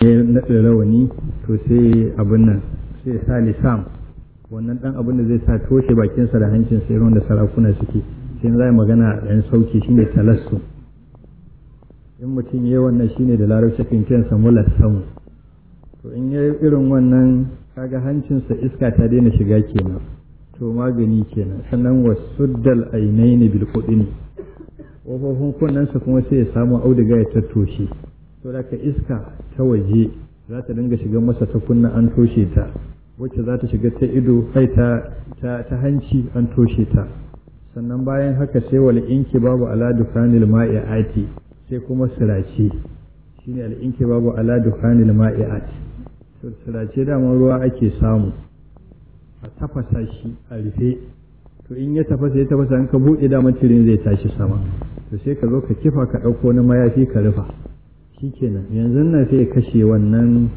ya naɗa rawani to sai abin nan sai sa lisam wannan ɗan abin da zai sa toshe bakinsa da hancin sai ruwan da sarakuna suke sai za magana ɗan sauki shine talassu in mutum ya wannan shine da larabci kan kiransa mulassam to in ya irin wannan kaga hancinsa iska ta daina shiga kenan to magani kenan sannan wasuddal ainaini bil qudini kofofin kunnensa kuma sai ya samu auduga ya tattoshe saboda ka iska ta waje za ta dinga shiga masa ta kunna an toshe ta wacce za ta shiga ta ido kai ta ta hanci an toshe ta sannan bayan haka sai wal inki babu ala dukanil ma'iati sai kuma sirace shine al inki babu ala dukanil ma'iati to sirace dama ruwa ake samu a tafasa shi a rufe to in ya tafasa ya tafasa an ka buɗe da mutirin zai tashi sama to sai ka zo ka kifa ka ɗauko na mayafi ka rufa shikenan yanzu nan sai kashe wannan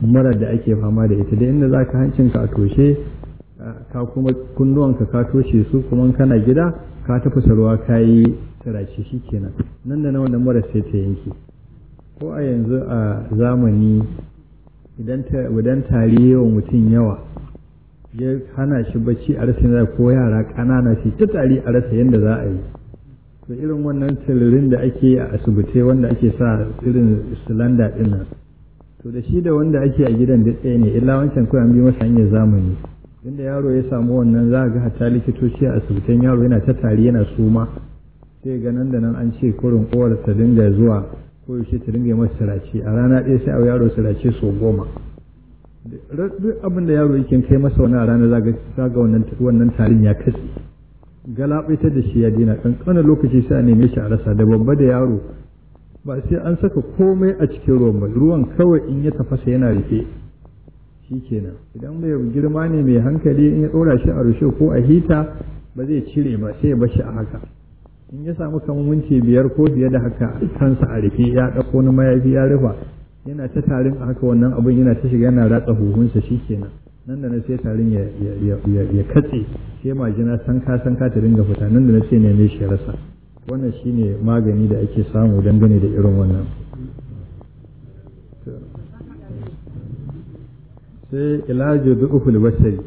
mura da ake fama da ita da inda ka hancinka a toshe ka kuma kunduwanka ka toshe su kuma kana gida ka tafasa ruwa ka yi tarashi shikenan nan da na wannan mura sai ta yanke ko a yanzu a zamani idan tari yawan mutum yawa ya hana shi bacci a rasa ko yara ƙanana su ta tari a rasa yadda za a yi da irin wannan tsirrin da ake a asibiti wanda ake sa irin silanda din nan to da shi da wanda ake a gidan da tsaye ne illa wancan kawai an bi masa hanyar zamani inda yaro ya samu wannan za ga hatta likitoci a asibitan yaro yana ta tari yana suma sai ga nan da nan an ce kurin kowar ta dinga zuwa ko yaushe ta dinga masa sirace a rana ɗaya sai a yaro sirace sau goma duk abin da yaro yake kai masa wani a rana za ga wannan tarin ya katse galabaitar da shi ya dina kankanin lokaci sai a neme shi a rasa da babba da yaro ba sai an saka komai a cikin ruwan ba ruwan kawai in ya tafasa yana rufe shi kenan idan mai girma ne mai hankali in ya ɗora shi a rushe ko a hita ba zai cire ba sai ya bashi a haka in ya samu kamar minti biyar ko fiye da haka kansa a rufe ya ɗauko na mayafi ya rufa yana ta tarin a haka wannan abin yana ta shiga yana ratsa huhunsa shi kenan nan da na ce tarin ya katse sai majina sanka sanka ta dinga fita nan da na ce neme shi rasa wannan shi ne magani da ake samu dangane da irin wannan sai ilajo bi uhul basari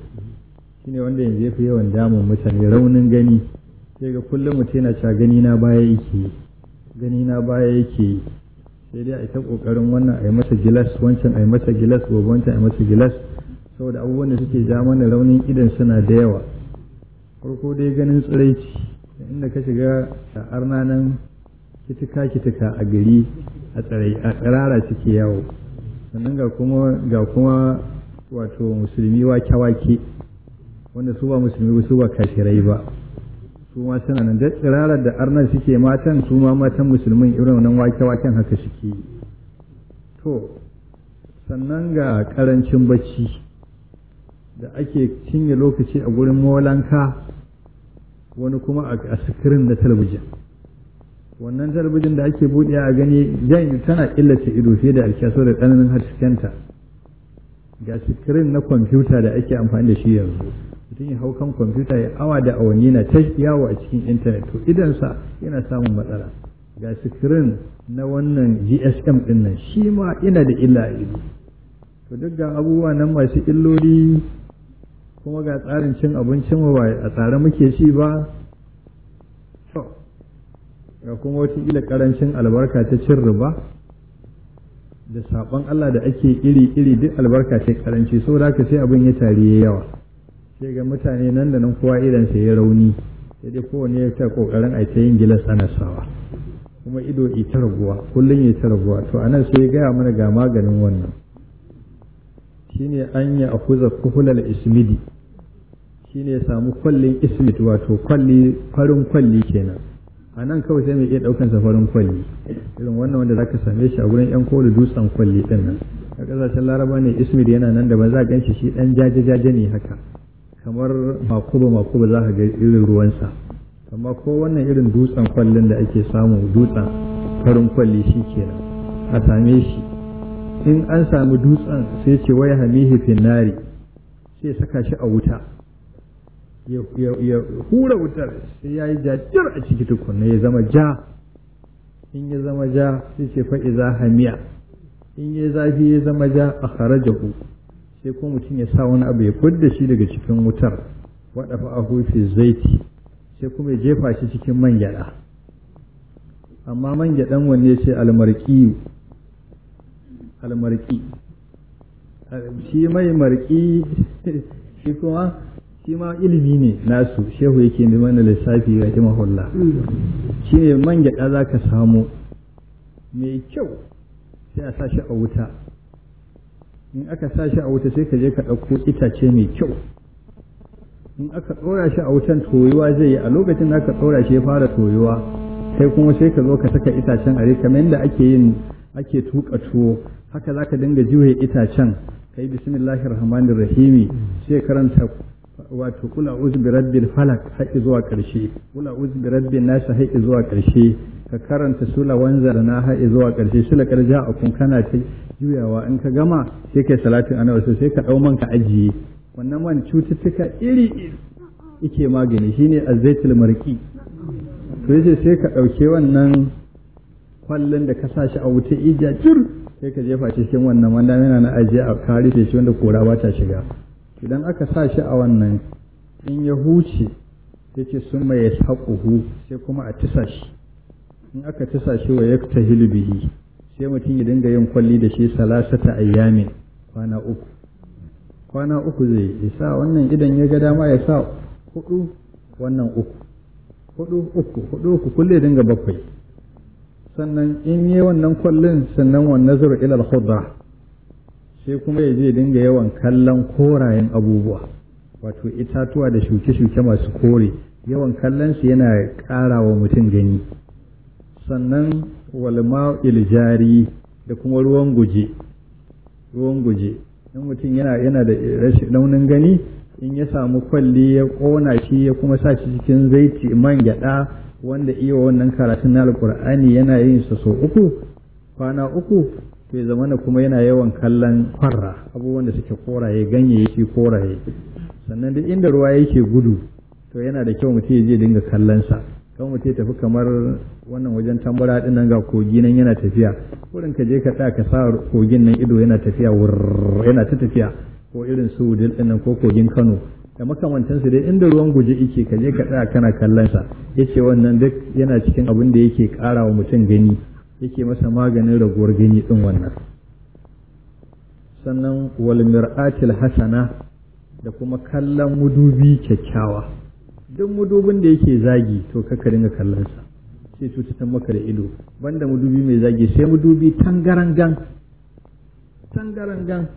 ne wanda yanzu ya fi yawan damun mutane raunin gani sai ga kullum mutum yana cewa gani na baya yake gani na baya yake sai dai a ita kokarin wannan a yi masa gilas wancan a yi masa gilas gobe wancan a yi masa gilas saboda abubuwan da suke ja mana raunin idan suna da yawa farko dai ganin tsiraici inda ka shiga a arnanan kitika kitika a gari a a tsirara suke yawo sannan ga kuma ga kuma wato musulmi wake wake wanda su ba musulmi su ba kashirai ba su ma suna nan da tsirarar da arnan suke matan su ma matan musulmin irin wannan wake waken haka suke to sannan ga karancin bacci da ake cinye lokaci a gurin molanka wani kuma a sikirin na talabijin wannan talabijin da ake buɗe a gani jan tana illace ido fiye da alkyaso da tsananin haskenta ga sikirin na kwamfuta da ake amfani da shi yanzu mutum ya hau kan kwamfuta ya awa da awanni na ta yawo a cikin intanet to idansa yana samun matsala ga sikirin na wannan gsm ɗin shi ma ina da illa a ido to duk ga abubuwa nan masu illoli kuma ga tsarin cin abincin mu ba a tsare muke shi ba to ga kuma wata ila ƙarancin albarka ta cin riba da sabon Allah da ake iri-iri duk albarka ce ƙaranci da ka sai abin ya tari yawa sai ga mutane nan da nan kowa idan sai ya rauni sai dai kowane ya ta kokarin a ta yin gilas ana sawa kuma ido ita raguwa kullum ya ta raguwa to anan sai ya gaya mana ga maganin wannan shine an ya akuza kuhulal ismidi shine ya samu kwallin ismid wato kwalli farin kwalli kenan a nan kawai sai mai iya daukan farin kwalli irin wannan wanda zaka same shi a gurin yan koli dutsen kwalli din nan a kasashen laraba ne ismid yana nan da ba za gan shi shi dan jaje jaje ne haka kamar makuba makuba za ka ga irin ruwansa amma ko wannan irin dutsen kwallin da ake samu dutsen farin kwalli shi kenan a same shi in an samu dutsen sai ce waya hamihi finnari sai saka shi a wuta ya hura wutar sai ya yi jajjar a ciki tukunna ya zama ja in ya zama ja sai ce za hamiya in ya zafi ya zama ja a kharajahu sai ko mutum ya sa wani abu ya kudda shi daga cikin wutar waɗafa a ahu zaiti sai kuma ya jefa shi cikin man amma man gyadan wanne sai almarkiyu almarki shi mai marki shi kuma shi ma ilimi ne nasu shehu yake mai mana lissafi mahulla shi ne man gyaɗa za ka samu mai kyau sai a sashi a wuta in aka sashi a wuta sai ka je ka ɗauko itace mai kyau in aka ɗora shi a wutan toyuwa zai yi a lokacin da aka ɗora shi ya fara toyuwa sai kuma sai ka zo ka saka itacen a kamar yadda ake yin ake tuka tuwo haka za ka dinga juya itacen kai bismillahir rahmanir rahim sai karanta wato kula uz bi rabbil falak haƙi zuwa ƙarshe kula uz rabbin nas haƙi zuwa ƙarshe ka karanta sula wanzar na haƙi zuwa ƙarshe sula karja a kun kana ta juyawa in ka gama sai kai salatin annabi sai ka dau man ka ajiye wannan man cututtuka iri iri yake magani shine azaitul marqi to yace sai ka dauke wannan kwallon da ka sa shi a wuta ija sai ka jefa cikin wannan wanda yana na ajiye a kare shi wanda kora ba ta shiga idan aka sa shi a wannan in ya huce ya ce sun mai haƙuhu sai kuma a tisa shi in aka tisa shi wa ta bihi sai mutum ya dinga yin kwalli da shi salasata ayyamin kwana uku kwana uku zai ya sa wannan idan ya ga dama ya sa hudu wannan uku hudu uku hudu uku kulle dinga bakwai sannan in yi wannan kwallon sannan wannan zuru ilal khudra sai kuma ya je dinga yawan kallon korayen abubuwa wato itatuwa da shuke-shuke masu kore yawan kallon su yana ƙara wa mutum gani sannan walma iljari da kuma ruwan guje ruwan guje in mutum yana yana da rashin launin gani in ya samu kwalli ya ƙona shi ya kuma sa shi cikin zaiti man gyada. wanda iya wannan karatun na alkur'ani yana yin su sau uku kwana uku to zamana kuma yana yawan kallon farra abubuwan da suke koraye ganyayyaki koraye sannan duk inda ruwa yake gudu to yana da kyau mutum ya je dinga kallon sa kan mutum ya tafi kamar wannan wajen tambara din nan ga kogi nan yana tafiya wurin ka je ka sa ka sa kogin nan ido yana tafiya yana ta tafiya ko irin su wudil nan ko kogin Kano da makamantansu dai inda ruwan guje yake ka je ka tsaya kana kallon sa yace wannan duk yana cikin abin da yake ƙara wa mutum gani yake masa maganin raguwar gani din wannan sannan wal mir'atil hasana da kuma kallon mudubi kyakkyawa duk mudubin da yake zagi to ka dinga kallon sa sai cutar maka da ido banda mudubi mai zagi sai mudubi tangarangan tangarangan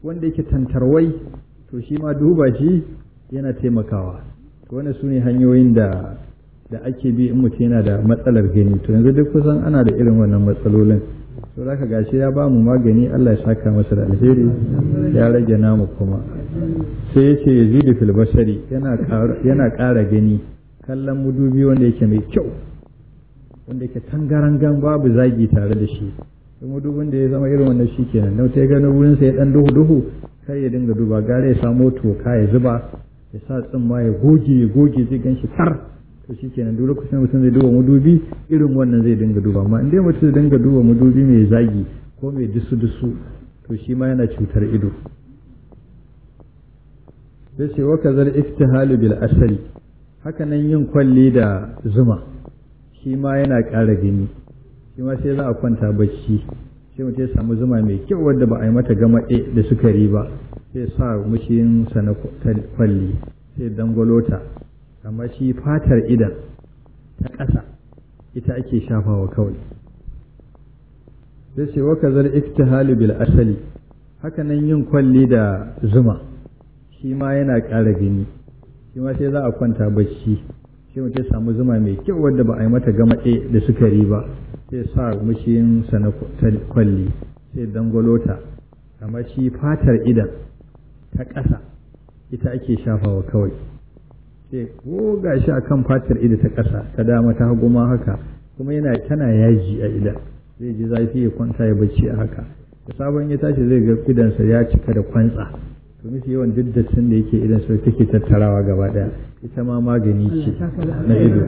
wanda yake tantarwai to shi ma duba shi yana taimakawa wannan su ne hanyoyin da da ake bi in mutum yana da matsalar gani to yanzu duk kusan ana da irin wannan matsalolin to zaka gashi ya ba mu magani Allah ya saka masa da alheri ya rage namu kuma sai yace ce yazidu fil bashari yana kara gani kallon mudubi wanda yake mai kyau wanda yake tangarangan babu zagi tare da shi mudubin da ya zama irin wannan shi kenan na ya gano wurin sai ya dan duhu duhu kar ya dinga duba gare ya samo toka ya zuba ya sa tsumma ya goge ya goge zai gan shi tar to shi kenan duk lokacin mutum zai duba madubi irin wannan zai dinga duba amma inda mutum zai dinga duba madubi mai zagi ko mai dusu dusu to shi ma yana cutar ido sai ce wa kazar iftihalu bil asali hakanan yin kwalli da zuma shi ma yana ƙara gani shi ma sai za a kwanta bacci sai mutum ya samu zuma mai kyau wadda ba a yi mata gama eh, da sukari ba sai sa mushinsa na kwalli sai dangwalota amma shi fatar idan ta ƙasa ita ake shafawa kawai sai sai waka kazar iktihali bil asali hakanan yin kwalli da zuma shi ma yana ƙara gini shi ma sai za a kwanta bacci shi mace samu zuma mai kyau wadda ba a yi mata gamatse da sukari ba sai sa mushinsa na kwalli sai dangwalota amma shi fatar idan ta ƙasa ita ake shafawa kawai sai ko gashi akan fatar ido ta ƙasa ta dama ta hagu ma haka kuma yana tana yaji a idan zai ji zafi ya kwanta ya bacci a haka da sabon ya tashi zai ga idansa ya cika da kwantsa to mafi yawan duk da yake idan sau take tattarawa gaba ɗaya ita ma magani ce na ido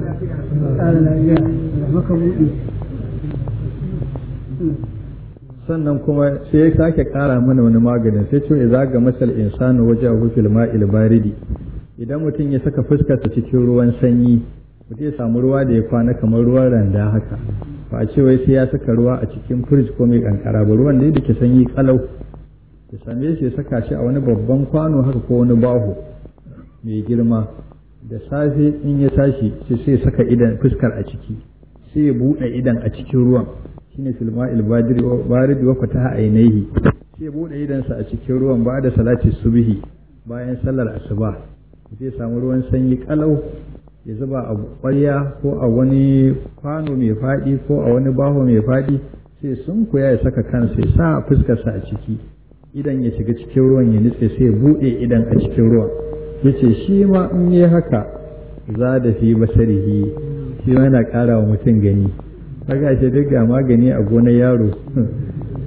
sannan kuma sai ya sake kara mana wani maganin sai ce ya zaga masal insanu waje a fil ma'il baridi idan mutum ya saka fuskarsa cikin ruwan sanyi mutum ya samu ruwa da ya kwana kamar ruwan randa haka ba a ce wai sai ya saka ruwa a cikin firij ko mai kankara ba ruwan da yake sanyi kalau ya same shi ya saka shi a wani babban kwano haka ko wani baho mai girma da safe in ya tashi sai sai saka idan fuskar a ciki sai ya buɗe idan a cikin ruwan shine filma wa barid wa fataha ainihi sai bude idansa a cikin ruwan ba da salati subhi bayan sallar asuba zai samu ruwan sanyi kalau ya zuba a kwarya ko a wani kwano mai faɗi ko a wani baho mai faɗi sai sun kuya ya saka kansa ya sa fuskarsa a ciki idan ya shiga cikin ruwan ya nitse sai ya buɗe idan a cikin ruwan yace shi ma in yi haka za da fi basarihi shi ma yana ƙara wa mutum gani kaga ce duk ga magani a gonar yaro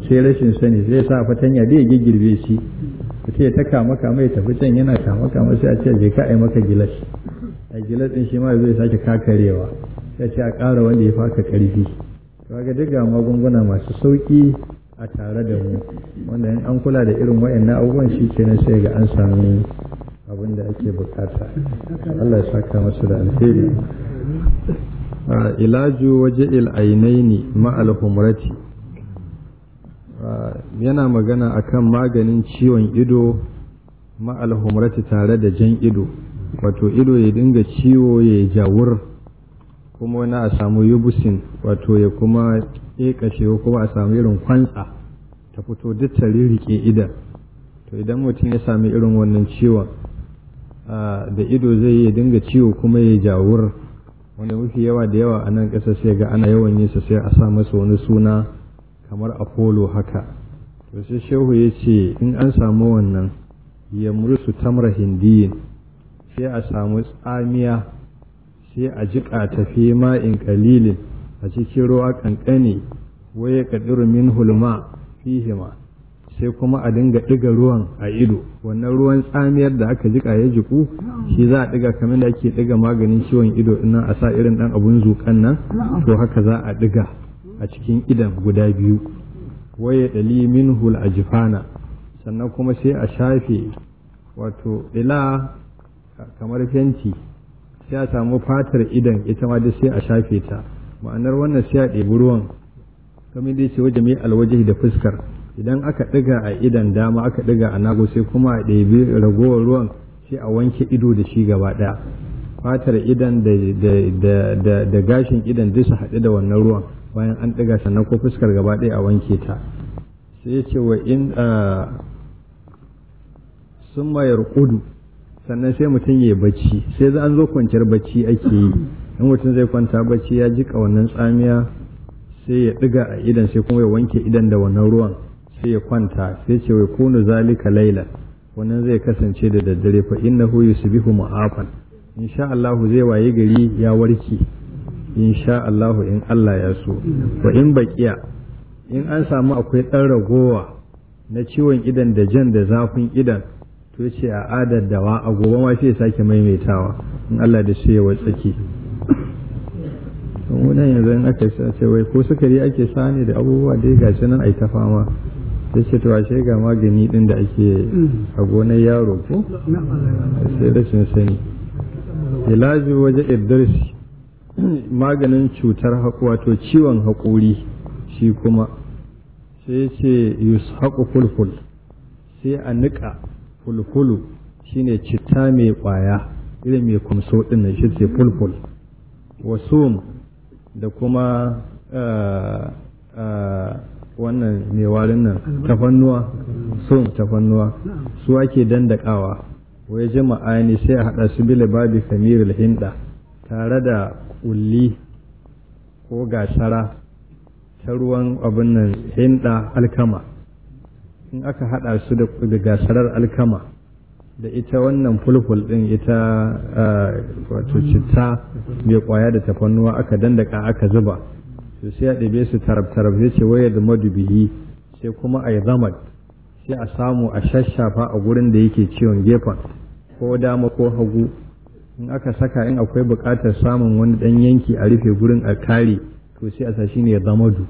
sai rashin sani zai sa fatanya da ya girgirbe shi mutum ya ta kama kama ya tafi can yana kama kama sai a ce je ka ai maka gilas a gilas din shi ma zai sake kakarewa sai ce a ƙara wanda ya faka ƙarfi kaga duk ga magunguna masu sauki a tare da mu wanda in an kula da irin waɗannan abubuwan shi nan sai ga an samu abin da ake bukata Allah ya saka masu da alheri ilaju waje ainaini ma'al humrati ah, yana magana akan maganin ciwon ido ma'al humrati tare da jan ido wato ido ya dinga ciwo ya jawur kuma wani a samu yubusin wato ya kuma ƙeƙashe ko kuma a samu irin kwantsa ta fito duk ta rike ida to idan mutum ya sami irin wannan ciwon ah, da ido zai ya dinga ciwo kuma ya jawur wanda mafi yawa da yawa a nan ƙasa sai ga ana yawan yin sa sai a sa masa wani suna kamar apollo haka to sai shehu ya ce in an samu wannan ya su tamra hindiyin sai a samu tsamiya sai a jiƙa tafi ma'in ƙalilin a cikin ruwa ƙanƙani waye ƙadiru min hulma fihima sai kuma a dinga ɗiga ruwan a ido wannan ruwan tsamiyar da aka jika ya jiku shi za a ɗiga kamar da ake ɗiga maganin ciwon ido ina a sa irin ɗan abun zuƙan nan to haka za a ɗiga a cikin idan guda biyu waye ɗali hul a jifana sannan kuma sai a shafe wato ila kamar fenti sai a samu fatar idan ita ma dai sai a shafe ta ma'anar wannan sai a ɗebi ruwan kamar dai ce waje mai alwaje da fuskar idan aka ɗiga a idan dama aka ɗiga a nago sai kuma a ɗebi ragowar ruwan sai a wanke ido da shi gaba ɗaya fatar idan da gashin idan duk su haɗu da wannan ruwan bayan an ɗiga sannan ko fuskar gaba ɗaya a wanke ta sai ya ce wa in sun mayar kudu sannan sai mutum ya bacci sai za an zo kwanciyar bacci ake yi in mutum zai kwanta bacci ya jika wannan tsamiya sai ya ɗiga a idan sai kuma ya wanke idan da wannan ruwan sai ya kwanta sai ce wai kunu zalika laila wannan zai kasance da daddare fa innahu yusbihu mu'afan insha Allah zai waye gari ya warke insha Allah in Allah ya so wa in baqiya in an samu akwai dan ragowa na ciwon idan da jan da zafin idan to yace a adar a gobe ma sai sake maimaitawa in Allah da shi ya watsake wannan yanzu in aka sace wai ko sukari ake sani da abubuwa dai gashi nan ai ta fama ta ce to ashe ga magani din da ake a gonar yaro ko sai rashin sani ilaji waje iddarsi maganin cutar haƙo to ciwon haƙori shi kuma sai ce haƙo fulful sai a niƙa fulfulu ne citta mai ƙwaya irin mai kumso ɗin na shi ce fulful wasum da kuma eh, eh, wannan mai warin nan tafannuwa sun tafannuwa su ake dandakawa wai jama'a ne sai a haɗa su bile babi kamirul hinda tare da kulli ko gasara ta ruwan abin nan hinda alkama in aka haɗa su da gasarar alkama da ita wannan fulful ɗin ita ah, wato citta mai kwaya da tafannuwa aka dandaka aka zuba to sai a ɗabe su tarab-tarab zai ce waye da madubihi sai kuma a yi zama sai a samu a shashafa a gurin da yake ciwon gefen ko dama ko hagu in aka saka in akwai buƙatar samun wani ɗan yanki a rufe gurin a kare to sai a sashi ne ya du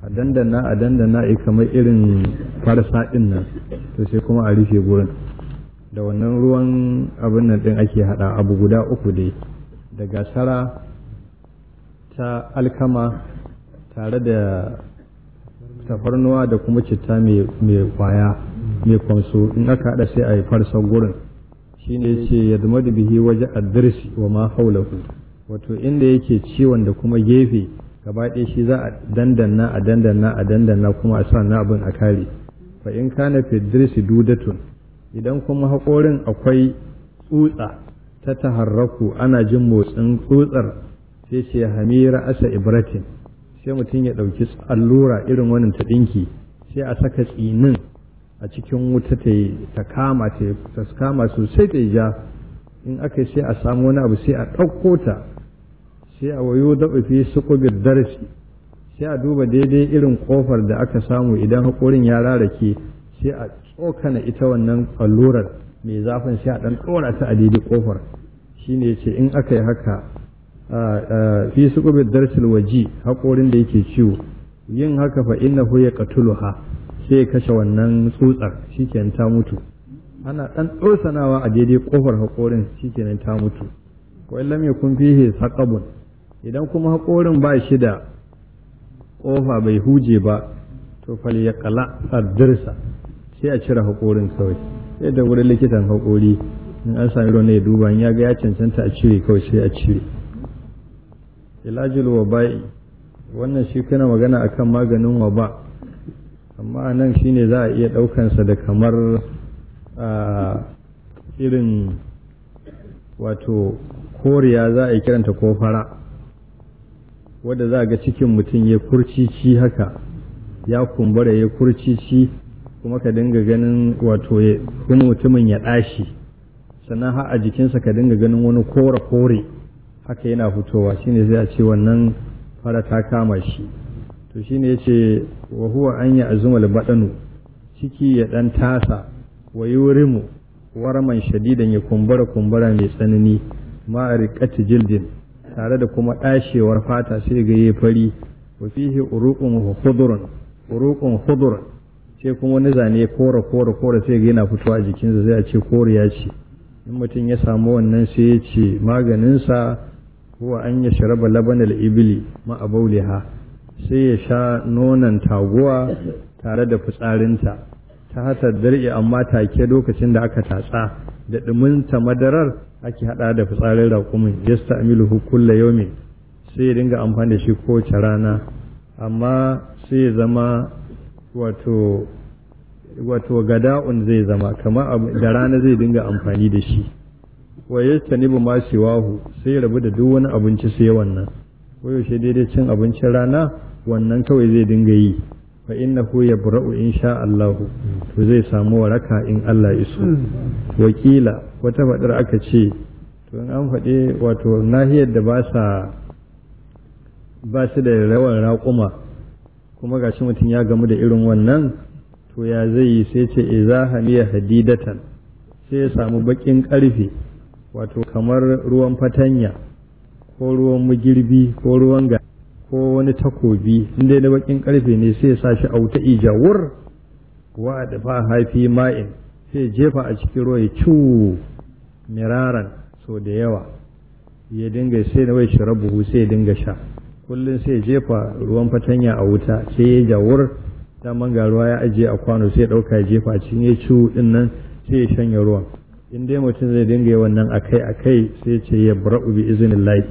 a dandana a dandana a kamar irin farsa ɗin nan to sai kuma a rufe gurin da wannan ruwan abin nan ɗin ake haɗa abu guda uku dai daga gasara ta alkama tare da tafarnuwa da kuma citta mai kwaya mai kwamso in aka haɗa sai a yi farsan gurin shi ne ce ya zama da bihi waje wa ma haulahu wato inda yake ciwon da kuma gefe gaba ɗaya shi za a dandana a dandana a dandana kuma a sa na abin a kare fa in kana fi dirsi dudatun idan kuma haƙorin akwai tsutsa ta taharraku ana jin motsin tsutsar sai ce hamira asa ibratin sai mutum ya ɗauki allura irin wannan ta ɗinki sai a saka tsinin a cikin wuta ta ta kama ta kama sosai ta ja in aka sai a samu wani abu sai a ɗauko ta sai a wayo daɓa su suƙubir darasi sai a duba daidai irin ƙofar da aka samu idan haƙorin ya rarake sai a tsokana ita wannan allurar mai zafin sai a ɗan ɗora ta a daidai ƙofar shine ce in aka yi haka fi bi darsul waji haƙorin da yake ciwo yin haka fa innahu yaqtuluha sai kashe wannan tsutsar shikenan ta mutu ana dan tsosanawa a daidai kofar haƙorin shikenan ta mutu ko in lam yakun fihi saqabun idan kuma haƙorin ba shi da kofa bai huje ba to fal yaqla adirsa sai a cire haƙorin kawai sai da wurin likitan haƙori in an sami ruwan ya duba ya ga ya cancanta a cire kawai sai a cire ilajil waba'i wannan shi kana magana akan maganin waba amma nan shine za a iya ɗaukansa da kamar a irin wato koriya za a yi kiranta ko fara wadda za ga cikin mutum ya kurcici haka ya kumbura ya kurcici kuma ka dinga ganin wato ya kuma mutumin ya ɗashi sannan har a jikinsa ka dinga ganin wani kore-kore haka yana fitowa shine zai a ce wannan fara ta kama shi to shine ce wa huwa an yi azumal baɗano ciki ya ɗan tasa wa yurimu warman shadidan ya kumbura kumbura mai tsanani ma jildin tare da kuma ɗashewar fata sai ga yi fari wa fihi urukun hudurun urukun hudurun sai kuma wani zane kore kore kore sai ga yana fitowa a jikinsa zai a ce koriya ce in mutum ya samu wannan sai ya ce maganinsa huwa an ya sharaba laban al'ibili ma'abauliha sai ya sha nonon taguwa tare da fitsarinta ta hatar dar'i amma take lokacin da aka tatsa da ɗuminta madarar ake haɗa da fitsarin raƙumin yasta hukula yau yomin sai ya dinga amfani da shi kowace rana amma sai ya zama wato gada'un zai zama kama da rana zai dinga amfani da shi wa nibu ma siwahu sai rabu da duk wani abinci sai wannan koyaushe daidai cin abincin rana wannan kawai zai dinga yi fa bura'u in insha Allah to zai samu waraka in Allah iso wakila wata fadar aka ce to in an faɗe wato nahiyar da ba sa ba su da rawan raƙuma kuma gashi mutum ya gamu da irin wannan to ya zai yi sai ce iza hamiya hadidatan sai ya samu baƙin ƙarfe wato kamar ruwan fatanya ko ruwan magirbi ko ruwan ga ko wani takobi inda na bakin karfe ne sai sa shi a wuta ijawur wa dafa haifi ma'in sai jefa a cikin ruwa ya cu miraran so da yawa ya dinga sai na wai shi rabu sai ya dinga sha kullum sai jefa ruwan fatanya a wuta sai ya jawur daman garuwa ya ajiye a kwano sai ya ɗauka ya jefa cikin ya cu ɗin nan sai ya shanya ruwan in dai mutum zai dinga wannan akai akai sai ce ya bra'u bi lai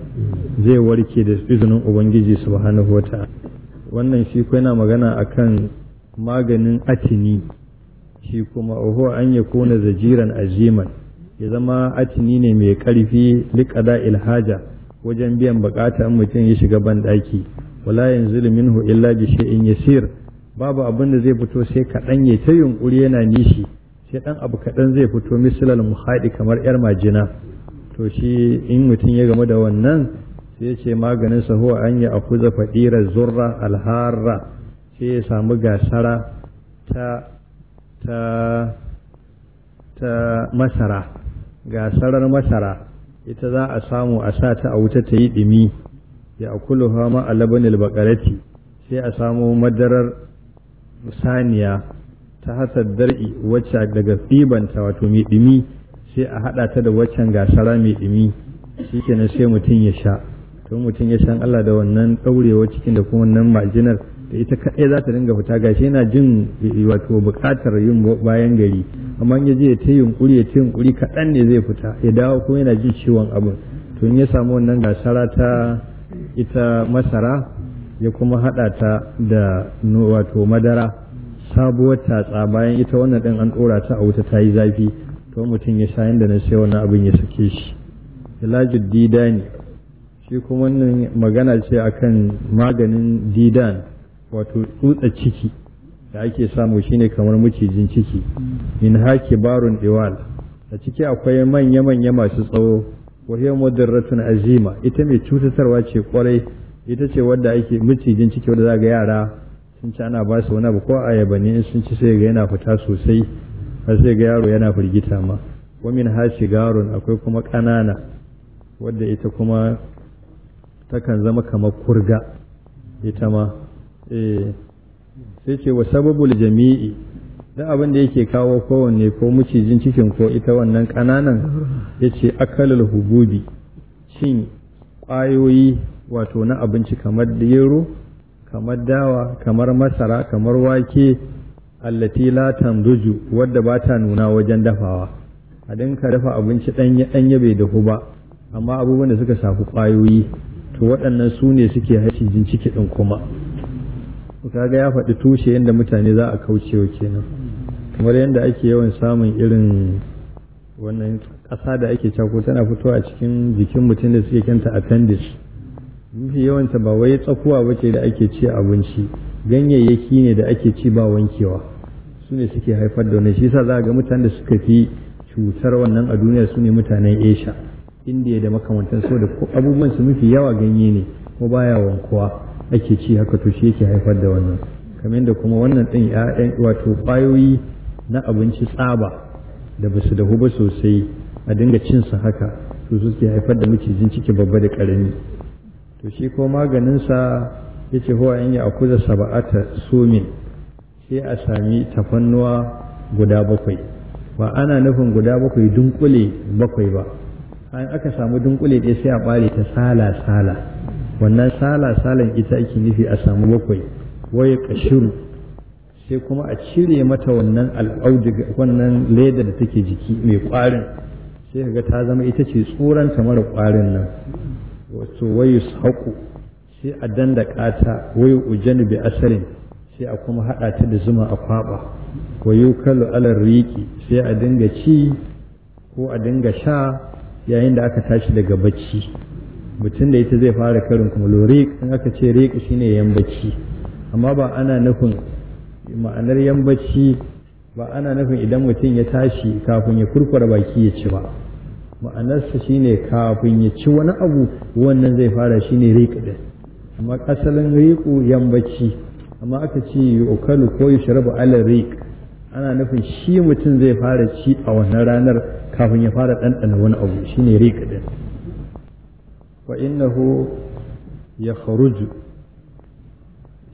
zai warke da izinin ubangiji subhanahu wata wannan shi ko yana magana akan maganin atini shi kuma oho an ya kona zajiran aziman ya zama atini ne mai karfi liqada ilhaja wajen biyan bukata mutum ya shiga banɗaki wala yanzu minhu illa bi shay'in yasir babu abin da zai fito sai kaɗan ya ta yunƙuri yana nishi sai dan abu kaɗan zai fito misalal muhaɗi kamar yar majina to shi in mutum ya gamu da wannan sai ce maganin sahuwa huwa an a akuza faɗirar zurra alharra sai ya samu gasara ta masara gasarar masara ita za a samu a sa ta a wuta ta yi ɗimi ya akulu hama a labanil bakarati sai a samu madarar saniya ta hasar dar'i wacce daga tsibanta wato mai ɗumi sai a haɗa ta da waccan gashara mai ɗumi shi kenan sai mutum ya sha to mutum ya shan Allah da wannan daurewa cikin da kuma wannan majinar da ita kadai za ta dinga fita gashi yana jin eh, wato buƙatar yin bayan gari amma in ya je ya ta yunƙuri ya ta yunƙuri kaɗan ne zai fita ya dawo kuma yana jin ciwon abin to in ya samu wannan gashara ta ita masara ya kuma haɗa ta da wato madara sabuwar tatsa bayan ita wannan ɗin an ɗora ta a wuta ta yi zafi to mutum ya sha yadda na sai wannan abin ya sake shi dida didani shi kuma wannan magana ce akan maganin didan wato tsutsa ciki da ake samu shine kamar macijin ciki in haki barun diwal a ciki akwai manya-manya masu tsawo wahiyar mudarratun azima ita mai cutarwa ce kwarai ita ce wadda ake macijin ciki wadda za ga yara sun ci ana ba su wani abu ko ayaba ne in sun ci sai ga yana fita sosai har sai ga yaro yana firgita ma wa min ha shigarun akwai kuma ƙanana wadda ita kuma takan zama kamar kurga ita ma eh sai ce wa sababul jami'i da abin da yake kawo kowanne ko mucijin cikin ko ita wannan kananan yace ce hububi cin ƙwayoyi wato na abinci kamar da yero kamar dawa kamar masara kamar wake allati la tanduju wadda ba ta nuna wajen dafawa a dinka dafa abinci danye danye bai dahu ba amma abubuwan da suka shafi kwayoyi to waɗannan su ne suke jin ciki din kuma ga ya faɗi tushe yadda mutane za a kauce wa kenan kamar yadda ake yawan samun irin wannan ƙasa da ake cako tana fitowa a cikin jikin mutum da suke kanta appendix mafi yawanta ba wai tsakuwa ce da ake ci abinci ganyayyaki ne da ake ci ba wankewa su ne suke haifar da wani shi sa za a ga mutanen da suka fi cutar wannan a duniya su ne mutanen Asia indiya da makamantan so da abubuwan su mafi yawa ganye ne ko baya wankuwa ake ci haka to shi yake haifar da wannan kamar da kuma wannan din 'ya'yan wato ƙwayoyi na abinci tsaba da ba basu dahu ba sosai a dinga cin su haka to su suke haifar da macijin ciki babba da ƙarami to shi ko maganinsa ya ce huwa in ya akuza saba'ata sumin sai a sami tafannuwa guda bakwai ba ana nufin guda bakwai dunkule bakwai ba an aka samu dunkule ɗaya sai a ɓare ta sala sala wannan sala salan ita ake nufi a samu bakwai waye kashiru sai kuma a cire mata wannan al'audiga wannan leda da take jiki mai ƙwarin sai kaga ta zama ita ce tsoranta mara ƙwarin nan wato wai haƙu sai a danda ƙata wai ujani bi asalin sai a kuma haɗa ta da zuma a kwaɓa wayu kalu alar riki sai a dinga ci ko a dinga sha yayin da aka tashi daga bacci mutum da ita zai fara karin kuma rik in aka ce rik shine yambaci amma ba ana nufin ma'anar yambaci ba ana nufin idan mutum ya tashi kafin ya kurkura baki ya ci ba ma'anarsa shine kafin ya ci wani abu wannan zai fara shine riƙu ɗin amma asalin riƙu yambaci amma aka ce yukalu ko yushrabu ala riq ana nufin shi mutum zai fara ci a wannan ranar kafin ya fara ɗanɗana wani abu shine riƙu da wa innahu ya kharuju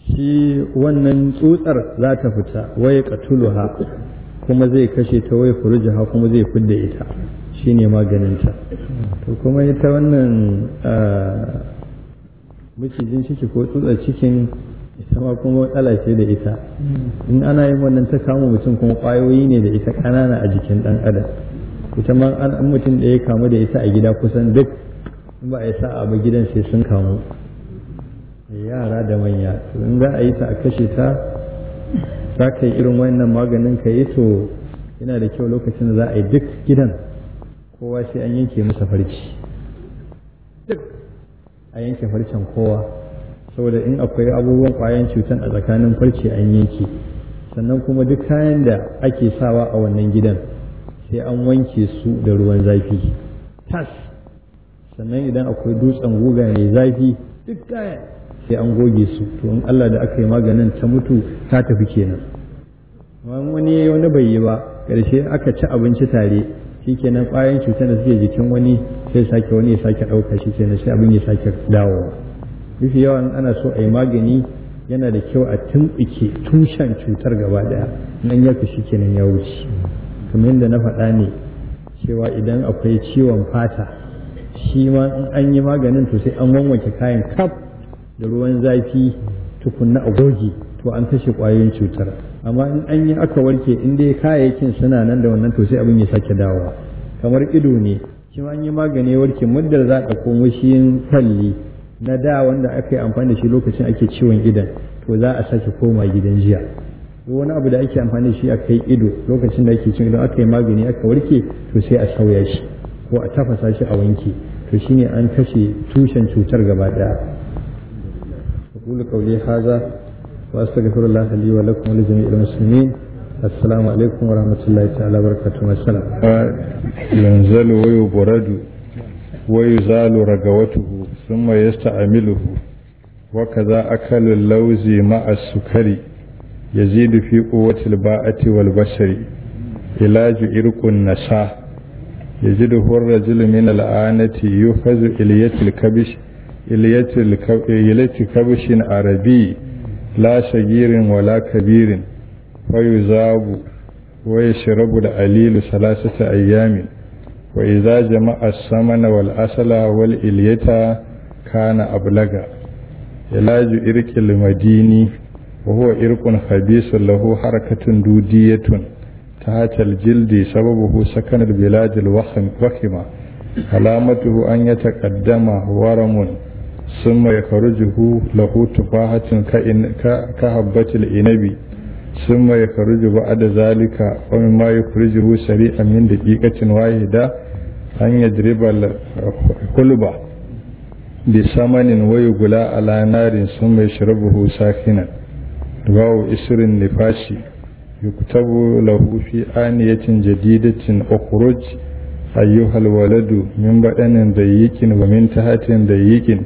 shi wannan tsutsar za ta fita waye katuluha kuma zai kashe ta waye ha kuma zai fidda ita ne maganinta to kuma ta wannan macijin ciki ko tsutsa cikin ita ma kuma matsala ce da ita in ana yin wannan ta kama mutum kuma kwayoyi ne da ita ƙanana a jikin ɗan adam ita ma an mutum da ya kamu da ita a gida kusan duk in ba a yi sa'a ba gidan sai sun kamu yara da manya to in za a yi ta a kashe ta za ka yi irin wannan maganin ka yi to yana da kyau lokacin da za a yi duk gidan kowa sai an yanke masa farci duk a yanke farcen kowa saboda in akwai abubuwan kwayan cutan a tsakanin farce an yanke sannan kuma duk kayan da ake sawa a wannan gidan sai an wanke su da ruwan zafi tas sannan idan akwai dutsen guga mai zafi duk kayan sai an goge su to in Allah da aka yi maganin ta mutu ta tafi kenan wani wani bai yi ba ƙarshe aka ci abinci tare shi shikenan ƙwayan cutar da suke jikin wani sai sake wani ya sake ɗauka shi kenan sai abin ya sake dawowa mafi yawan ana so a yi magani yana da kyau a tumɓuke tushen cutar gaba ɗaya nan ya fi kenan ya wuce kamar yadda na faɗa ne cewa idan akwai ciwon fata shi ma in an yi maganin to sai an wanwanke kayan kaf da ruwan zafi tukunna a goge to an kashe kwayoyin cutar amma in an yi aka warke in dai kayayyakin suna nan da wannan to sai abin ya sake dawowa kamar ido ne shi an yi magani warke muddar za a ko mushiyin kalli na da wanda aka yi amfani da shi lokacin ake ciwon idan to za a sake koma gidan jiya wani abu da ake amfani da shi a kai ido lokacin da ake ciwon idan aka yi magani aka warke to sai a sauya shi ko a tafasa shi a wanke to shine an kashe tushen cutar gaba daya. قولي هذا واستغفر الله لي ولكم ولجميع المسلمين السلام عليكم ورحمة الله تعالى وبركاته والسلام ينزل ويبرد ويزال رقوته ثم يستعمله وكذا أكل اللوز مع السكر يزيد في قوة الباءة والبشر علاج إرق النساء يجده الرجل من الآنة يفز إلية الكبش إلية الكبش عربي la girin wala kabirin fayuzabu wa yashrabu al-alilu salasata ayyamin wa idza jama'a as-samana wal asala wal ilyata kana ablaga ilaju irqil madini wa huwa irqun khabisun lahu harakatun dudiyatun تحت الجلد سببه سكن البلاد الوخمة علامته أن يتقدم ورم summa ya ka rufe da hu lau ka haɓata inabi summa ya ka rufe a da zalika wani ma ya ku rufe da hu tsari a min da ƙiƙacin waye da hanyar direban da hulɓar. da tsamanin wai gula a lanarin summai mai buhu sakina da ba wa isurin da ba shi yako taɓa laufi aaniya cin jadi da cin okra a yi kin ba mun ta hatta bai yi kin.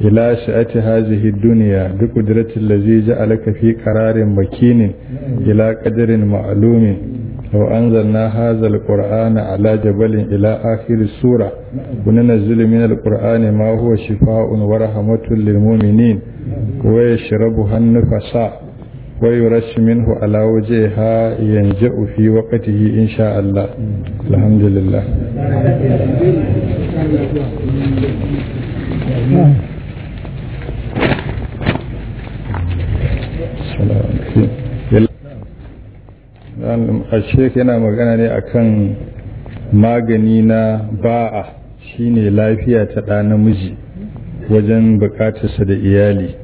إلى شأت هذه الدنيا بقدرة الذي جعلك في قرار مكين إلى قدر معلوم لو أنزلنا هذا القرآن على جبل إلى آخر السورة وننزل من القرآن ما هو شفاء ورحمة للمؤمنين ويشربها النفساء ويرش منه على وجهها ينجأ في وقته إن شاء الله الحمد لله a yana magana ne akan magani na ba'a shine lafiya ta ɗa namiji wajen bukatarsa da iyali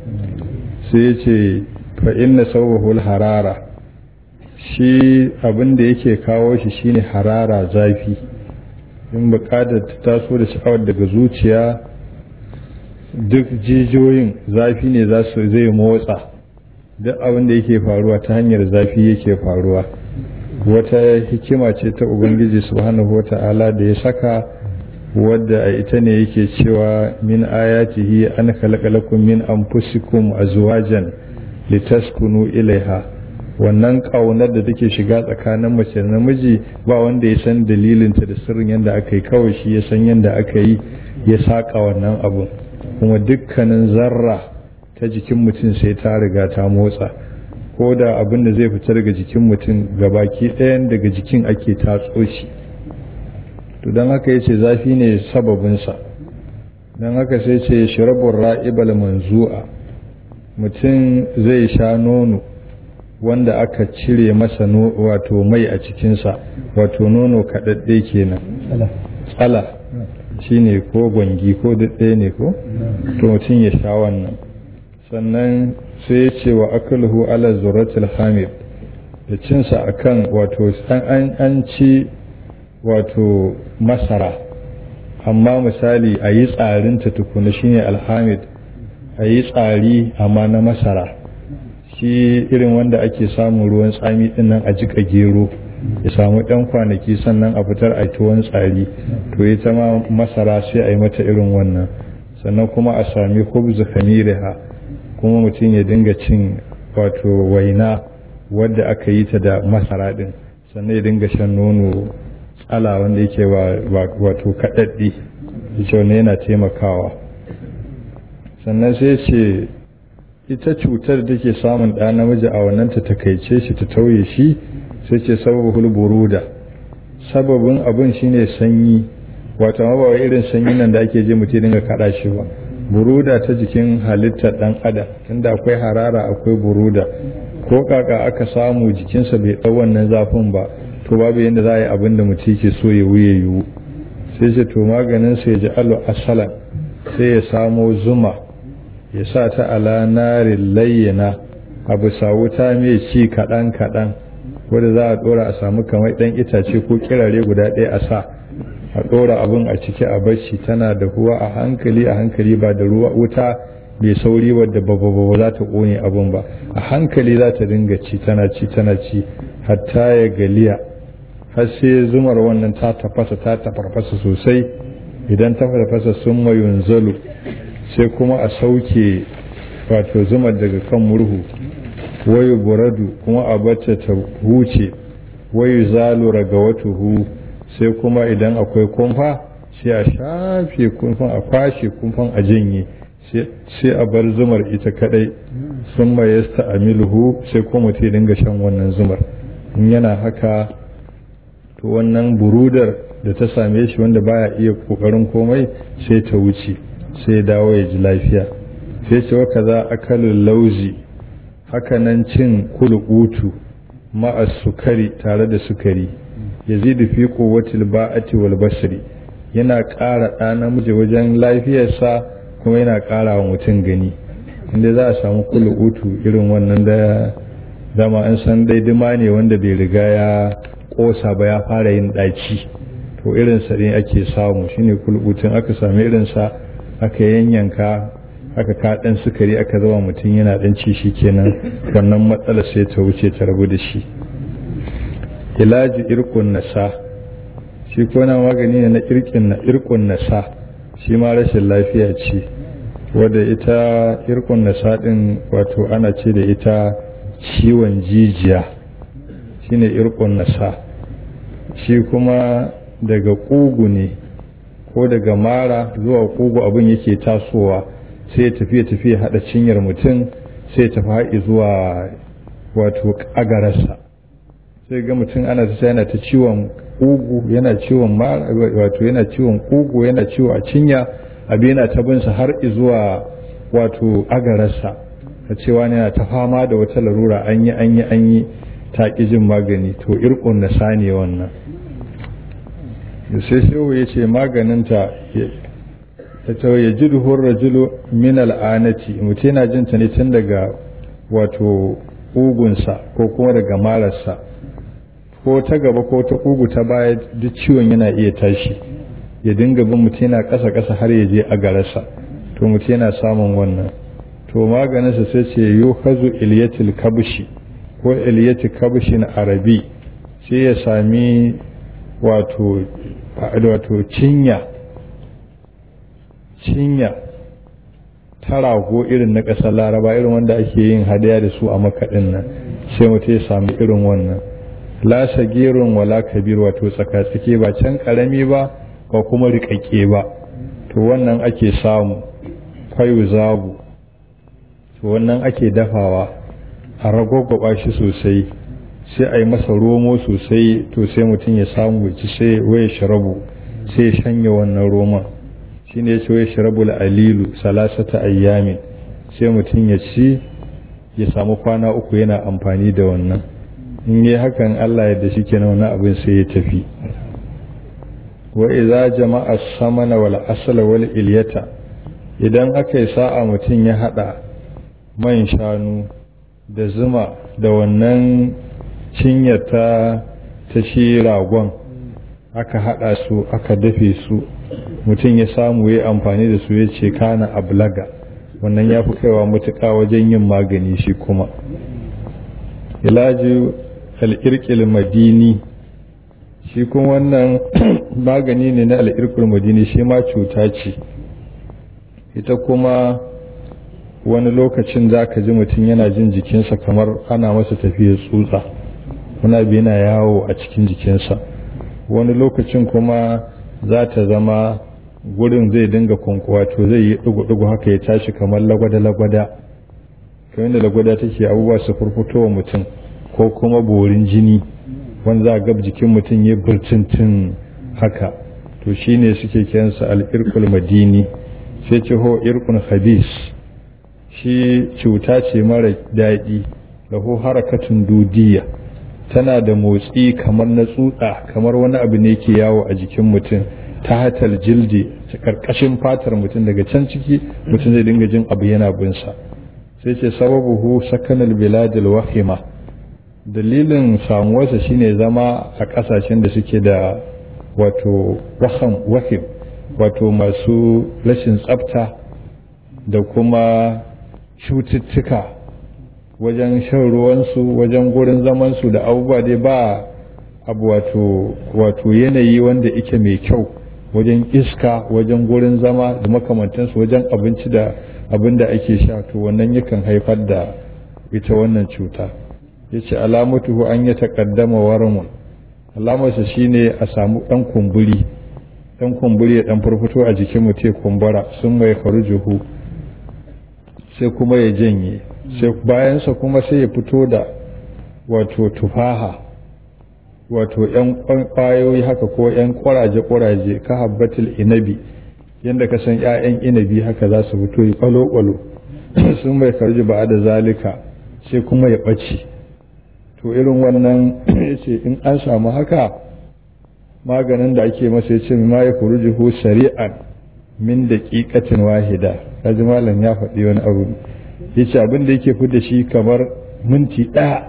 sai ce fa'inna na sauwahul harara shi abin da yake kawo shi shine harara zafi in bukatar ta taso da sha'awar daga zuciya duk jijiyoyin zafi ne zai motsa duk abin da yake faruwa ta hanyar zafi yake faruwa wata hikima ce ta ubangiji subhanahu wata'ala da ya saka wadda a ita ne yake cewa min ayatihi an kalakalakun min anfusikum azwajan litaskunu ilaiha wannan kaunar da take shiga tsakanin mace da namiji ba wanda ya san dalilinta da sirrin yadda aka yi kawai shi ya san yadda aka yi ya saƙa wannan abun kuma dukkanin zarra ta jikin mutum sai ta riga ta motsa ko da abin da zai fita daga jikin mutum gabaki ɗayan daga jikin ake tatso shi to don haka ya ce zafi ne sababinsa don haka sai ce shirabun ra'ibal manzu'a mutum zai sha nono wanda aka cire masa wato mai a cikinsa wato nono kaɗaɗɗe kenan tsala shi ne ko gwangi ko daɗe ne ko to mutum ya sha wannan sannan sai ya ce wa akalhu ala zuratul hamid da cinsa a kan wato an an ci wato masara amma misali a yi tsarinta tukuna shine alhamid a yi tsari amma na masara shi irin wanda ake samun ruwan tsami din nan a jika gero ya samu ɗan kwanaki sannan a fitar a tuwon tsari to yi ma masara sai a yi mata irin wannan sannan kuma a sami hubzu hamiriha kuma mutum ya dinga cin wato waina wadda aka yi ta da masara din sannan ya dinga shan nono tsala wanda yake wato kaɗaɗɗi ita wani yana taimakawa sannan sai ce ita cutar da ke samun ɗa namiji a wannan ta takaice shi ta tauye shi sai ce hulburu da sababin abin shine sanyi wato ma ba irin sanyi nan da ake je mutum dinga kada shi ba buruda ta jikin halittar ɗan adam tunda akwai harara akwai buruda ko kaka aka samu jikinsa bai ɗau wannan zafin ba to babu yadda za a yi abin da mutum ke so ya wuye yiwu sai ce to maganin sai ya ji alu asalan sai ya samo zuma ya sa ta ala narin layyana abu sa wuta mai ci kaɗan kaɗan wanda za a ɗora a samu kamar ɗan itace ko kirare guda ɗaya a sa a ɗora abin a ciki a bashi tana da huwa a hankali a hankali ba da ruwa wuta mai sauri wadda ba za ta ƙone abin ba a hankali za ta dinga ci tana ci tana ci hatta ya galiya har sai zumar wannan ta tafasa ta tafarfasa sosai idan ta tafasa sun mayun zalo sai kuma a sauke wato zumar daga kan murhu wayo buradu kuma a bacce ta huce ga zalu hu. sai kuma idan akwai kumfa sai a shafe kumfan a kwashe kumfan a janye sai a bar zumar ita kadai sun ma yasta amiluhu sai kuma mutum dinga shan wannan zumar in yana haka to wannan burudar da ta same shi wanda baya iya kokarin komai sai ta wuce sai dawo ya ji lafiya sai ce wa kaza akalin lauzi hakanan cin kulukutu ma'a sukari tare da sukari yazidu fi quwwatil ba'ati wal basri yana ƙara ɗa namiji wajen lafiyarsa kuma yana ƙara wa mutum gani inda za a samu kulutu irin wannan da dama an san dima ne wanda bai riga ya ƙosa ba ya fara yin daci to irinsa ne ake samu shine kulutun aka sami irinsa aka yanyanka aka ka ɗan sukari aka zama mutum yana ɗan ci shi kenan wannan matsalar sai ta wuce ta rabu da shi ilaji irkun nasa shi ko na magani ne na irkin na irkun nasa shi ma rashin lafiya ce wadda ita irkun nasa din wato ana ce da ita ciwon jijiya shine irkun nasa shi kuma daga kugu ne ko daga mara zuwa kugu abin yake tasowa sai tafiye tafiye haɗa cinyar mutum sai tafi haɗi zuwa wato agararsa sai ga mutum ana ta yana ta ciwon kugu yana ciwon mara wato yana ciwon kugu yana ciwo a cinya abin yana ta binsa har zuwa wato agararsa ta cewa ne yana ta fama da wata larura an yi an yi an yi ta jin magani to irkon na sani wannan sai shehu ya ce maganinta ta ya ji duhun rajulu min al'anaci mutum yana jin ta ne tun daga wato ugunsa ko kuma daga mararsa ko ta gaba ko ta kugu ta baya duk ciwon yana iya tashi ya dinga bin mutum yana ƙasa ƙasa har ya je a garasa to mutum yana samun wannan to maganinsa sai ce hazu iliyatil kabshi ko iliyati kabshin arabi sai ya sami wato wato cinya cinya ta rago irin na ƙasa laraba irin wanda ake yin hadaya da su a makaɗin nan sai mutum ya sami irin wannan la sagirun wala kabir wato tsakatsake ba can karami ba ko kuma rikakke ba to wannan ake samu fayu zabu to wannan ake dafawa a ragwaggwaba shi sosai sai a yi masa romo sosai to sai mutum ya samu ci sai waya sharabu sai shanye wannan roman shine ne ce waya sharabu alilu salasata ayyamin sai mutum ya ci ya samu kwana uku yana amfani da wannan in yi hakan Allah yadda shi ke wani abin sai ya tafi wa iza jama'a samana wal asala wal ilyata idan aka yi sa'a mutum ya haɗa man shanu da zuma da wannan cinyata ta shi ragon aka haɗa su aka dafe su mutum ya samu ya amfani da su ya ce kana ablaga wannan ya fi kaiwa matuƙa wajen yin magani shi kuma ilaji al'irƙil madini shi kuma wannan magani ne na al'irƙil madini shi ma cuta ce ita kuma wani lokacin za ka ji mutum yana jin jikinsa kamar ana masa tafiya tsutsa muna bi yana yawo a cikin jikinsa wani lokacin kuma za ta zama gurin zai dinga kunkuwa to zai yi ɗugu-ɗugu haka ya tashi kamar lagwada-lagwada kamar da lagwada take abubuwa su furfuto wa mutum ko kuma borin jini wanda za a gab jikin mutum ya burtuntun haka to shine suke kiransa al'irkul madini sai ce ho irkun hadis shi cuta ce mara daɗi da ho harakatun dudiya tana da motsi kamar na tsutsa kamar wani abu ne ke yawo a jikin mutum ta hatar jildi ta karkashin fatar mutum daga can ciki mutum zai dinga jin abu yana binsa sai ce sababu hu sakanal biladil wahima dalilin samuwarsa shine zama a kasashen da suke da wato wahim wato masu rashin tsafta da kuma cututtuka wajen shan ruwansu wajen gurin zamansu da abubuwa dai ba abu wato wato yanayi wanda ike mai kyau wajen iska wajen gurin zama da makamantansu wajen abinci da abin da ake sha to wannan yakan haifar da ita wannan cuta yace alamatuhu an ya taqaddama waramun alamarsa shine a samu dan kumburi dan kumburi ya dan furfuto a jikin mutum kumbara sun mai kharujuhu sai kuma ya janye sai bayansa kuma sai ya fito da wato tufaha wato yan ƙwayoyi haka ko yan kuraje kwaraje ka habbatul inabi yanda ka san ƴaƴan inabi haka za su fito yi kwalo kwalo sun mai karji ba da zalika sai kuma ya ɓace to irin wannan yace in an samu haka maganin da ake masa yace ma ya ko shari'an min da ƙiƙacin wahida kaji malam ya faɗi wani abu yace abin da yake da shi kamar minti ɗaya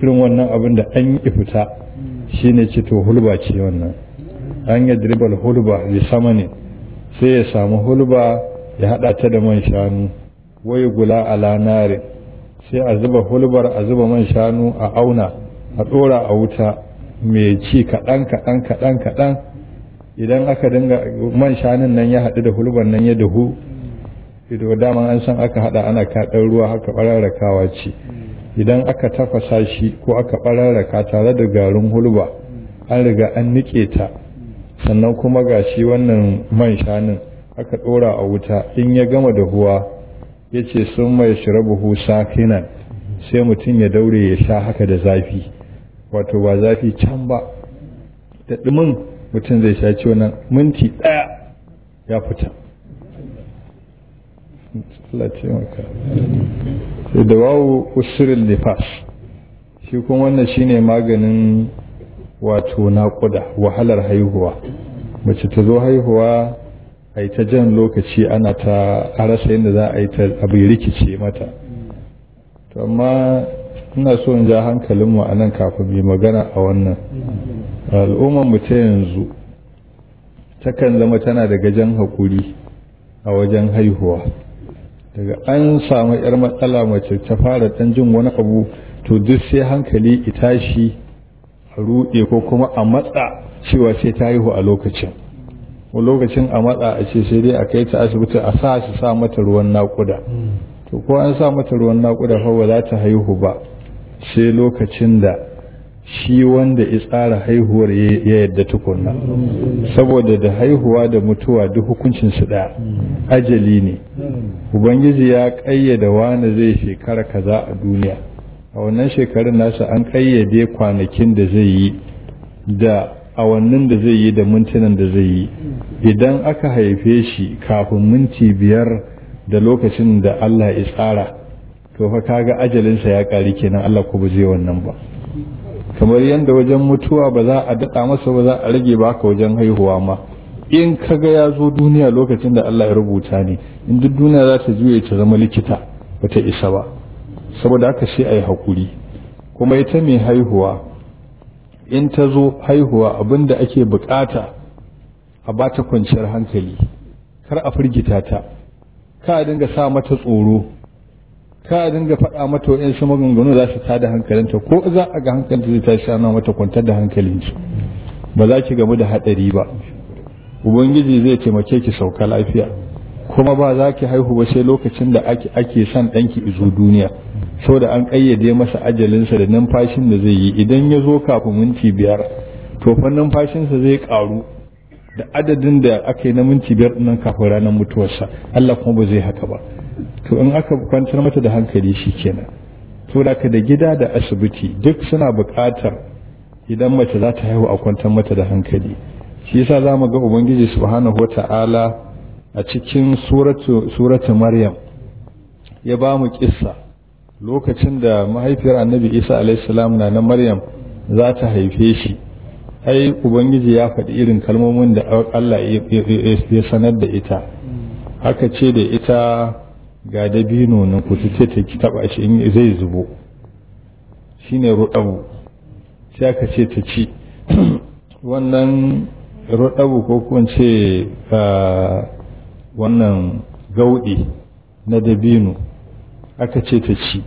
irin wannan abin da an yi fita shine ce to hulba ce wannan an ya dribal hulba ya sama ne sai ya samu hulba ya haɗa ta da man shanu wai gula ala narin sai a zuba hulbar a zuba man shanu a auna a ɗora a wuta mai ci kaɗan kaɗan kaɗan kaɗan idan aka dinga man shanun nan ya haɗu da hulbar nan ya dahu ido dama an san aka haɗa ana kaɗan ruwa haka ɓararrakawa ce idan aka tafasa shi ko aka ɓararraka tare da garin hulba an riga an niƙe ta sannan kuma ga shi wannan man shanun aka ɗora a wuta in ya gama dahuwa ya ce sun mai shirabuhu sakinan sai mutum ya daure ya sha haka da zafi wato ba zafi can ba da ɗumin mutum zai sha ciwon nan minti ɗaya ya fita da wawo usirin nifas shi kuma wannan shine maganin wato naƙuda wahalar haihuwa mace ta zo haihuwa a yi ta jan lokaci ana ta arasa yadda za a yi ta abu rikice mata to amma ina so in ja hankalinmu a nan kafin mai magana a wannan al'ummar mu ta yanzu takan zama tana da gajen hakuri a wajen haihuwa daga an samu 'yar matsala mace ta fara ɗan jin wani abu to duk sai hankali itashi a ruɗe ko kuma a matsa cewa sai ta haihu a lokacin wa lokacin a matsa a ce sai dai a kai ta asibiti a sa su sa mata ruwan naƙuda to ko an sa mata ruwan naƙuda fa ba za ta haihu ba sai lokacin da shi wanda ya tsara haihuwar ya yadda tukunna saboda da haihuwa da mutuwa duk hukuncin su ɗaya ajali ne ubangiji ya ƙayyada wani zai shekara kaza a duniya a wannan shekarun nasa an ƙayyade kwanakin da zai yi da awannin da zai yi da mintunan da zai yi idan aka haife shi kafin minti biyar da lokacin da Allah ya tsara to fa kaga ajalinsa ya kari kenan Allah ko ba zai wannan ba kamar yadda wajen mutuwa ba za a daɗa masa ba za a rage ba ka wajen haihuwa ma in kaga ya zo duniya lokacin da Allah ya rubuta ne in duk duniya za ta juye ta zama likita ba ta isa ba saboda haka sai a yi haƙuri kuma ita mai haihuwa in ta zo haihuwa abin da ake bukata a ba ta kwanciyar hankali kar a firgita ta ka a dinga sa mata tsoro ka a dinga faɗa mata waɗansu maganganu za su tada hankalinta ko za a ga hankalinta zai tashi ana mata kwantar da hankalinsu. ba za ki gamu da haɗari ba ubangiji zai taimake ki sauka lafiya kuma ba za ki haihu ba sai lokacin da ake son ɗanki izo duniya Sau da an kayyade masa ajalinsa da numfashin da zai yi idan ya zo kafin minti biyar to numfashinsa zai karu da adadin da aka yi na minti biyar nan kafin ranar mutuwarsa Allah kuma ba zai haka ba to in aka kwantar mata da hankali shi kenan to da da gida da asibiti duk suna buƙatar idan mace za ta haihu a kwantar mata da hankali shi yasa za mu ga ubangiji subhanahu wata'ala a cikin suratu suratu maryam ya ba mu kissa lokacin da mahaifiyar annabi isa alaihissalam na na maryam za ta haife shi ai ubangiji ya faɗi irin kalmomin da allah ya sanar da ita aka ce da ita ga dabino na ku ce ta ki taba shi in zai zubo shi ne ruɗabu sai aka ce ta ci wannan ruɗabu ko kun ce wannan gauɗi na dabino aka ce ta ci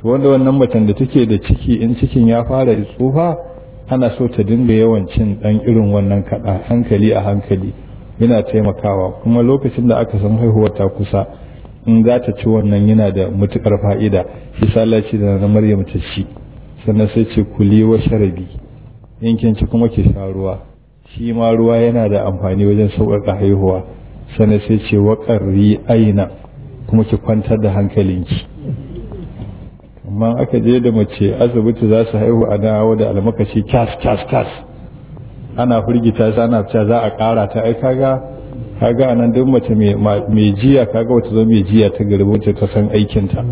to wanda wannan macen da take da ciki in cikin ya fara tsufa ana so ta dinga yawan cin dan irin wannan kada hankali a hankali yana taimakawa kuma lokacin da aka san haihuwar ta kusa in za ta ci wannan yana da matukar fa'ida shi da na maryam ta ci sannan sai ce kuli wa sharabi yankin ci kuma ki sha ruwa shi ma ruwa yana da amfani wajen sauƙaƙa haihuwa sannan sai ce waƙarri aina kuma ki kwantar da hankalinki amma aka je da mace asibiti za su haihu a dawo da almakashi kyas kyas kyas ana firgita su ana fita za a kara ta ai kaga kaga nan duk mace mai jiya kaga wata zo mai jiya ta garba wacce ta san aikinta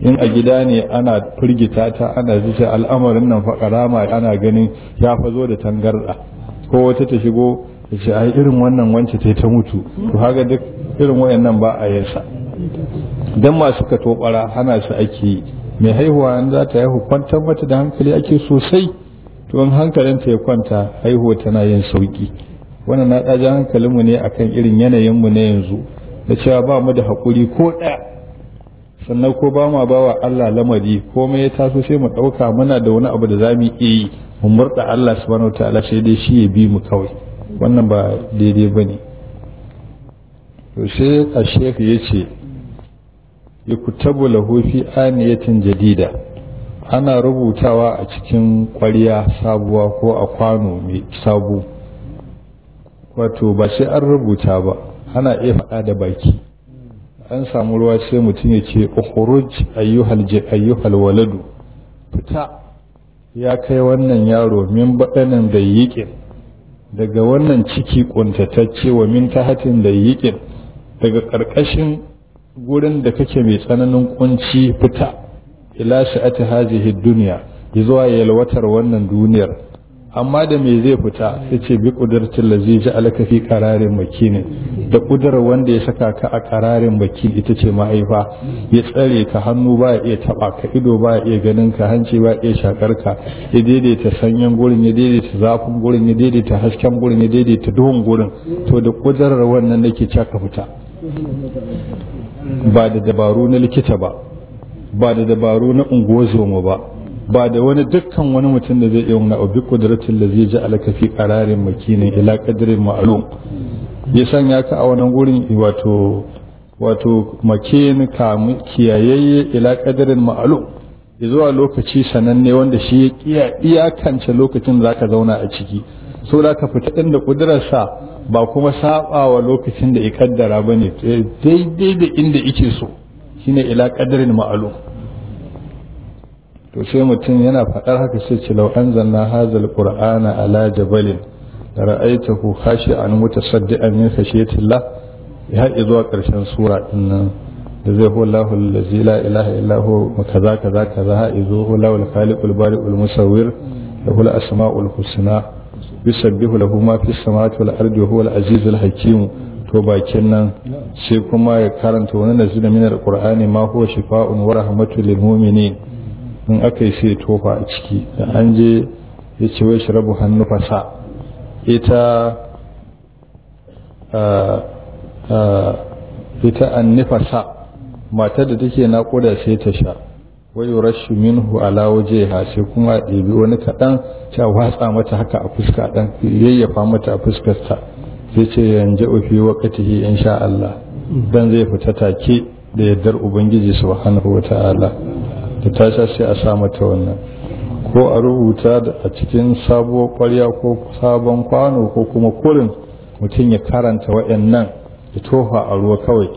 in a gida ne ana firgita ta ana zuce al'amarin nan ma ana ganin ya fa zo da tangarda ko wata ta shigo ta ce ai irin wannan wance ta ta mutu to haga duk irin wayannan ba a yin sa dan masu ka hana su ake mai haihuwa in za ta haihu kwantar mata da hankali ake sosai to in hankalinta ya kwanta haihuwa tana yin sauki wannan na ɗaji hankalinmu ne akan irin yanayinmu na yanzu da cewa ba mu da haƙuri ko ɗaya sannan ko ba ma ba Allah lamari komai ya taso sai mu ɗauka muna da wani abu da za mu yi mu murɗa Allah subhanahu wataala sai dai shi ya bi mu kawai wannan ba daidai ba ne to sai a ce yuktabu lahu fi aniyatin jadida ana rubutawa a cikin ƙwarya sabuwa ko a kwano mai sabu wato ba shi an rubuta ba ana iya faɗa da baki an samu ruwa sai mutum ya ce ukhruj ayyuhal waladu fita ya kai wannan yaro min baɗanin da yiƙin daga wannan ciki ƙuntatacce wa min tahatin da yiƙin daga ƙarƙashin gurin da kake mai tsananin kunci fita ila sha'ati hazihi dunya zuwa yalwatar wannan duniyar amma da me zai fita yace ce bi kudirtin ladzi ja'alaka fi qararin makin da kudar wanda ya saka ka a qararin makin ita ce mahaifa ya tsare ka hannu ba ya iya taba ka ido ba ya iya ganin ka hanci ba ya iya shakar ka ya daidaita sanyin gurin ya daidaita zafin gurin ya daidaita hasken gurin ya daidaita duhun gurin to da kudarar wannan nake ka fita ba da dabaru na likita ba ba da dabaru na unguwazoma ba ba da wani dukkan wani mutum da zai iya wani abu kudratin da zai ji alakafi fi makinin ila kadirin ma'alum. ya sanya ka a wani gurin wato wato makin kamu kiyayayye ila ma'alum. Ya zuwa lokaci sananne wanda shi ya iyakance lokacin za ka zauna a ciki za ka fita din da kudurarsa ba kuma sabawa lokacin da ya kaddara ba ne eh, daidai da inda ike so shine ila kadarin ma'alum to sai mutum yana faɗar haka sai ce lau an zanna hazal qur'ana ala jabalin da ra'aitahu khashi'an mutasaddian min khashiyatillah ya zuwa ƙarshen sura din nan da zai hu Allahu allazi la ilaha illa hu kaza kaza kaza ha izu hu lawal khaliqul bari'ul musawwir lahu al asma'ul husna yusabbihu lahu ma fis samawati wal ardi wa huwal azizul hakim to bakin nan sai kuma ya karanta wani nazila min alqur'ani ma huwa shifa'un wa rahmatul lil mu'minin in aka yi sai tofa a ciki da an je ya ce wai shirabu hannu fasa ita ita an nifasa matar da take naƙuda sai ta sha wayo rashu minhu ala wajhiha sai kuma a ɗebi wani kaɗan ta watsa mata haka a fuska ɗan yayyafa mata a fuskarta sai ce yanje fi waqtihi insha Allah dan zai fita take da yardar ubangiji subhanahu wataala da tasha sai a sa mata wannan ko a rubuta a cikin sabuwar ƙwarya ko sabon kwano ko kuma kurin mutum ya karanta waɗannan ta tofa a ruwa kawai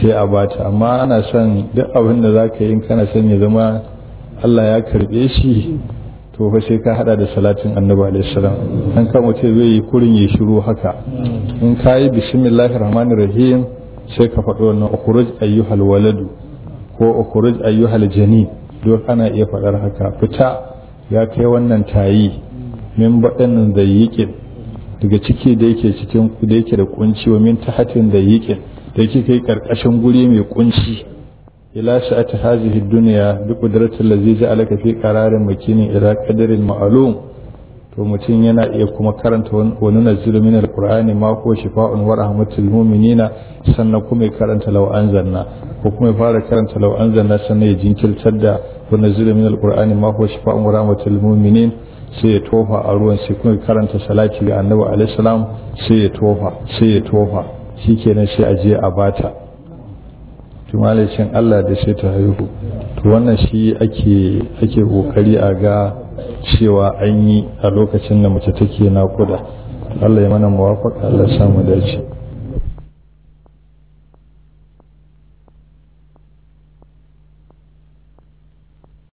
sai a bata amma ana son duk abin da za ka yi kana son ya zama Allah ya karbe shi to fa sai ka hada da salatin annabi alaihi salam an ka mutum zai yi kurin ya shiru haka in ka yi bismillahir rahmanir rahim sai ka faɗo wannan ukhruj ayyuhal waladu ko ukhruj ayyuhal jani duk ana iya faɗar haka fita ya kai wannan tayi min da zayyikin daga ciki da yake cikin da yake da kunci wa min tahatin da yiqin da yake kai karkashin guri mai kunci ila sha'ati hadhihi dunya bi qudratil ladzi ja'alaka fi qararin makinin ila qadarin ma'lum to mutum yana iya kuma karanta wani nazilu min alqur'ani ma ko shifa'un wa rahmatul mu'minina sannan kuma ya karanta law anzalna ko kuma ya fara karanta law anzalna sannan ya jinkirtar da wani nazilu min alqur'ani ma ko shifa'un wa rahmatul mu'minin sai ya tofa a ruwan sai kuma karanta salati ga annabi alaihi salam sai ya tofa sai ya tofa shikenan sai a je a bata malicin Allah da sai ta haihu to wannan shi ake ake kokari a ga cewa an yi a lokacin da mace take naƙuda Allah ya mana muwafaka Allah ya samu dace